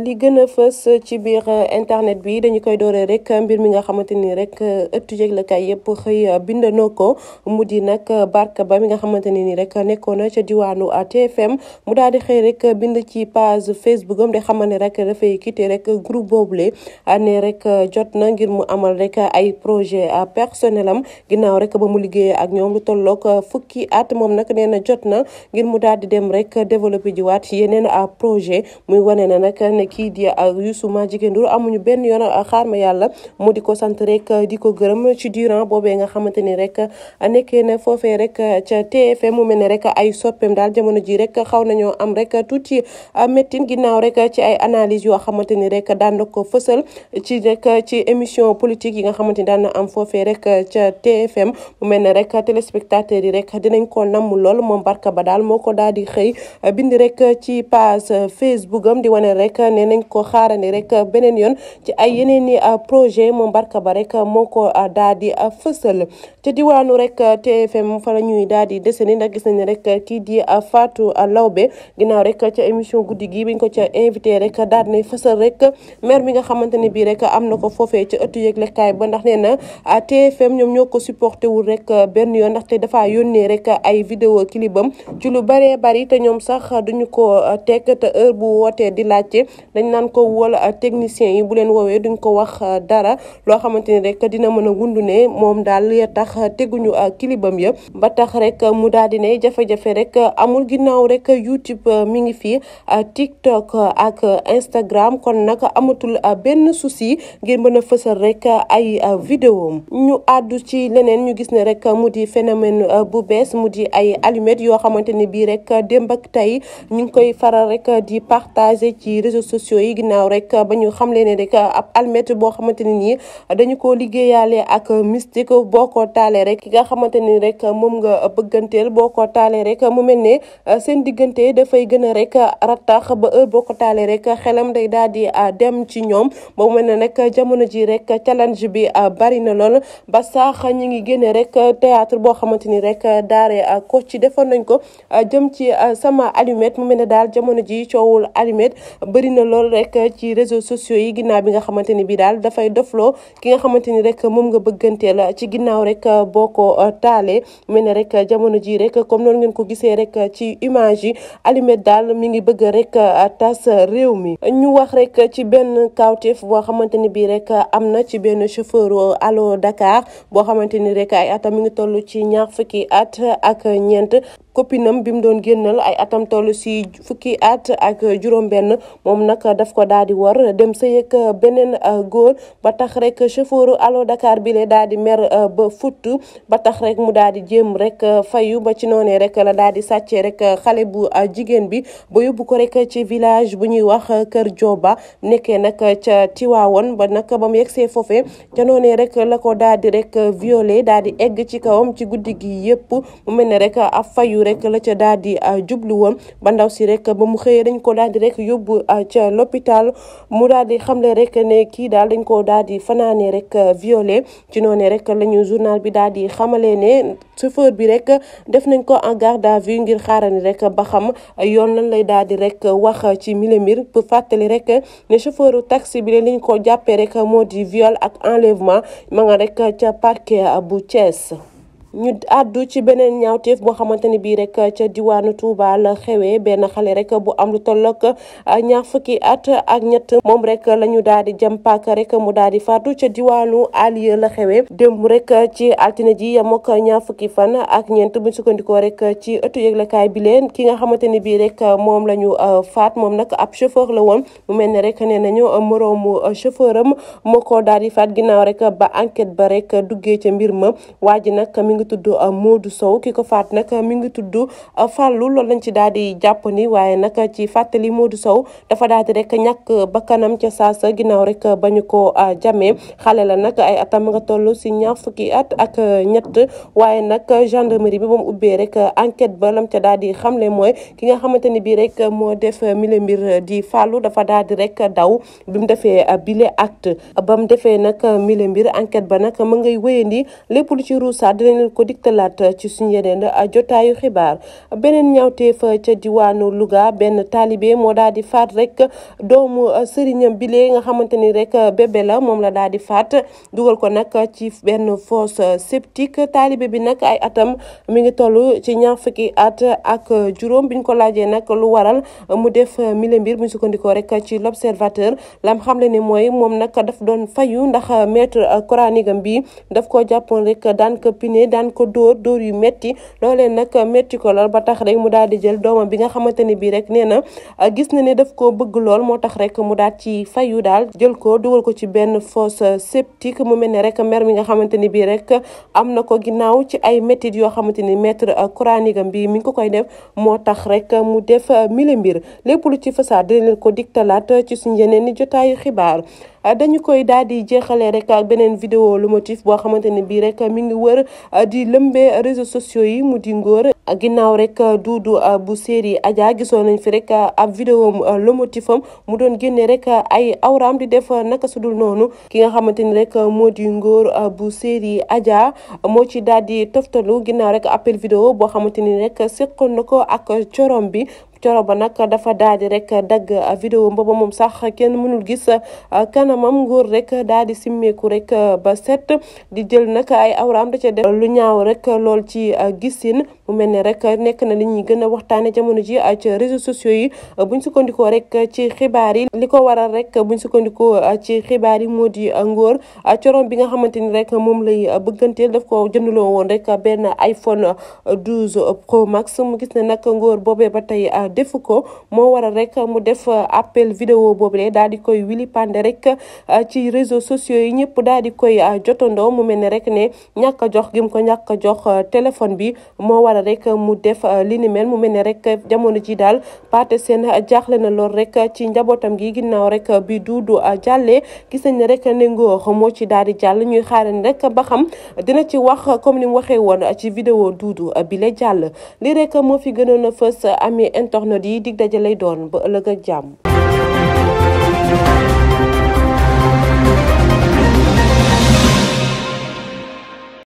li gën a fës ci biir euh, internet bi dañu koy dooree rek mbir mi nga xamante ni rek euh, ëttu yëglekaay yëpp xëy euh, bindandoo ko mu di nag barka ba mi nga xamante ne ni rek nekkoon na ca diwaanu TFM mu daal di xëy rek bind ci page Facebook am di xamal ne rek dafay quitté rek groupe boobule ne rek jot na ngir mu amal rek ay projet personnel am ginnaaw rek ba mu liggéeyee ak ñoom lu tolloog fukki at moom nag nee jot na ngir mu daal di dem rek développé jiwaat yeneen projet muy wane na ne kii di uh, Youssouma Jigéen Ndour amuñu benn yoon uh, xaar ma yàlla mu di ko sant rek uh, di ko gërëm ci durant boobee nga xamante ni rek a na foofee rek ca TFM mu mel ne rek ay soppeem daal jamono ji rek xaw nañoo am rek tuuti méttin ginnaaw rek ci ay analyse yoo xamante ni rek dan na ko fësal ci rek ci émission politique yi nga xamante ni daan am foofee rek ca TFM mu mel ne rek téléspectateurs yi rek dinañ ko namm lool moom Barka ba daal moo da daal di xëy bind rek ci page Facebook di wane rek nee nañ ko xaarandi rek beneen yoon ci ay yeneen i ah, projet moom Barka Ba rek moo ko ah, daal di ah, fësal ca diwaanu rek TFM fa la ñuy daal di desandi ndax gis nañ rek kii di Fatou Lawbe ginnaaw rek ca émission guddi gi biñ ko ca invité rek daal di rek maire bi nga xamante ne bii rek am na ko foofee ca ëttu yëglekaay ba ndax nee na TFM ñoom ñoo ko supporté wul rek benn yoon ndaxte dafa yónnee rek ay vidéo clipam ci lu bëree te ñoom sax duñu ko teg te bu wootee di laajte dañ naan ko wala euh, techniciens yi bu leen woowee duñ ko wax euh, dara loo xamante ne rek dina mën a wundu ne moom daal ya tax teguñu euh, kilibam yëpp ba tax rek mu daal di ne jafe-jafe rek amul ginnaaw rek YouTube mi ngi fi TikTok ak Instagram kon nag amatul benn souci ngir mën a fësal rek ay vidéom ñu àddu ci leneen ñu gis ne rek mu di phénomène bu bees mu di ay allumettes yoo xamante ni bii rek démb ak tey ñu koy faral rek di partager ci réseaux sociaux yi ginnaaw rek ba ñu xamle ne rek ab almet boo xamante ne nii dañu koo liggéeyaale ak mystique boo ko taalee rek ki nga xamante ni rek moom nga bëgganteel boo ko taalee rek mu mel ne euh, seen diggante dafay gën a rek rattax ba heure boo ko taalee rek xelam day daal di euh, dem ci ñoom ba mu mel ne nag jamono ji rek challenge bi euh, bari na lool ba xa ñu ngi génne rek théâtre boo xamante ni rek daare a coci defoon nañ ko jëm ci sama allumette mu mel ne daal jamono ji coowul na lool rek ci réseaux sociaux yi ginnaaw bi nga xamante ni bii daal dafay dofloo ki nga xamante ni rek moom nga bëggantee la ci ginnaaw rek boo ko taalee mel ne rek jamono ji rek comme noonu ngeen ko gisee rek ci image yi Alimet daal mi ngi bëgg rek tas réew mi ñu wax rek ci benn kawteef boo xamante ni bii rek am na ci benn chauffeur allo Dakar boo xamante ni rek ay atam mi ngi toll ci ñaar fukki at ak ñeent copinam bi mu doon génnal ay atam toll si fukki at ak juróom-benn moom nag daf ko daal di war dem sëy ak beneen uh, góor ba tax rek chauffeur alo Dakar bi le daal di mer uh, ba futt ba tax rek mu daal di jéem rek uh, fayu ba ci noonee rek la daal di sàccee rek xale bu jigéen bi ba yóbbu ko rek ci village bu ñuy wax Kër Jooba nekkee nag ca Tiwaawoon ba nag ba mu see foofe ca noonee rek la ko daal rek violé daal di egg ci kawam ci guddi gi yëpp mu mel rek a fayu yooyu la ca daal di jublu woon ba ndaw si rek ba mu xëyee dañ ko daal di rek yóbbu ca l'hôpital mu daal di xamle rek ne kii daal dañ koo daal di fanaane rek violé ci noonu rek la ñu journal bi daal di xamale ne chauffeur bi rek def nañ ko en garde à vue ngir xaarani rek ba xam yoon lan lay daal di rek wax ci mille mbir pour fàttali rek ne chauffeuru taxi bi liñ koo jàppee rek moo di viol ak enlèvement ma nga rek ca parquet bu Thiès ñu addu ci beneen ñaawteef boo xamante ni bii rek ca diwaanu Touba la xewee benn xale rek bu am lu tollook ah, ñaar fukki at ak ñett moom rek lañu daal di jëm paaka rek mu daal di faatu ca diwaanu Alieu la xewee démb rek ci altine ji yam ñaar fukki fan ak ñeent bu sukkandikoo rek ci ëttu yëglekaay bi leen ki nga xamante ni bii rek moom la ñu ah, faat moom nag ab chauffeur la woon mu mel ne rek nee nañu moroomu chauffeur am moko daal di faat ginnaaw rek ba enquête ba rek duggee ca mbir ma waa ji nag ngi tudd euh, Modou Sow ki ko faat nag mi ngi tudd euh, Fallou loolu lañ ci daal di jàpp ni waaye nag ci fàttali Modou Sow dafa daal di rek ñàkk bakkanam ca saasa ginnaaw rek ba ñu ko euh, jamee xale la nag ay atam nga toll si ñaar fukki at ak ñett waaye nag gendarmerie bi ba mu ubbee rek enquête ba lam ca daal di le mooy ki nga xamante ni bii rek moo def mille mbir di Fallou dafa daal di rek daw bi mu defee bile acte ba mu defee nag mille mbir enquête ba nag ma ko diktalaat eh, ci suñu yeneen eh, jotaayu xibaar beneen ñawteef eh, ca diwaanu Louga benn taalibe moo daal di faat rek doomu sëriñam bile nga xamante ni rek bébé la moom la daal di faat dugal ko nag ci benn fosse septique taalibe bi nag ay atam mi ngi toll ci ñaar fukki at ak juróom biñ ko laajee nag lu waral mu def mille mbir mu sukkandikoo rek ci l'observateur lam xamle ni mooy moom nag daf doon fayu ndax maître coranique bi daf ko jàppoon rek daan ko dóor door yu métti loole nag métti ko lool ba tax rek mu daal di jël doomam bi nga xamante ni bii rek nee na ah, gis na ne daf koo bëgg lool moo tax rek mu daal ci fayu daal jël ko dugal ko ci benn fosse septique mu mel ne rek mer mi nga xamante ni bii rek am na ko ginnaaw ci ay méttit yoo xamante ni maître ah, coranique am bi mi ngi ko koy def moo tax rek mu def ah, mille mbir lépp lu ci fasaa dina ko diktalaat ci suñu yeneen ni jotaayu xibaar dañu koy daal di jeexalee rek ak beneen motif boo xamante ni rek mi ngi wër di lëmbee réseaux sociaux yi mu di ngóor ginnaaw rek duudu bu série Adja gisoon nañ fi rek ab vidéo euh, lomotifam mu doon génne rek ay awram di def naka sudul noonu ki nga xamante ni rek moo di ngóor euh, bu série Adja moo ci daal di toftalu ginnaaw rek appel vidéo boo xamante ni rek seqoon na ko ak corom bi coro ba nag dafa daal rek dagg vidéo booba moom sax kenn mënul gis ah, kanamam ngóor rek daal di simmeeku rek ah, ba set di jël nag ay awraam da ca def lu ñaaw rek lool ci ah, gisin mu mel ne rek nekk na li ñuy gën a waxtaane jamono ji ci réseaux sociaux yi buñ sukkandikoo rek ci xibaar yi li ko waral rek buñ sukkandikoo ci xibaar yi moo di ngóor corom bi nga xamante ni rek moom lay bëgganteel daf ko jënduloo woon rek benn iPhone 12 Pro Max mu gis ne nag ngoor boobee ba tey defu ko moo waral rek mu def appel vidéo boobule daal di koy wili pande rek ci réseaux sociaux yi ñëpp daal di koy jotandoo mu mel ne rek ne ñàkk jox gim ko ñàkk rek mu def euh, li mu mel ni rek jamono ji daal Pathé Sène jaaxle na lool rek ci njabootam gi ginnaaw rek bi Doudou jàllee gis nañ ne rek Ndongo moo ci daal di jàll ñuy xaarandi rek ba xam dina ci wax comme ni mu waxee woon ci vidéo Doudou bi jàll li rek moo fi gënoon a fës amee internet yi dig daje doon ba ëllëg ak jàmm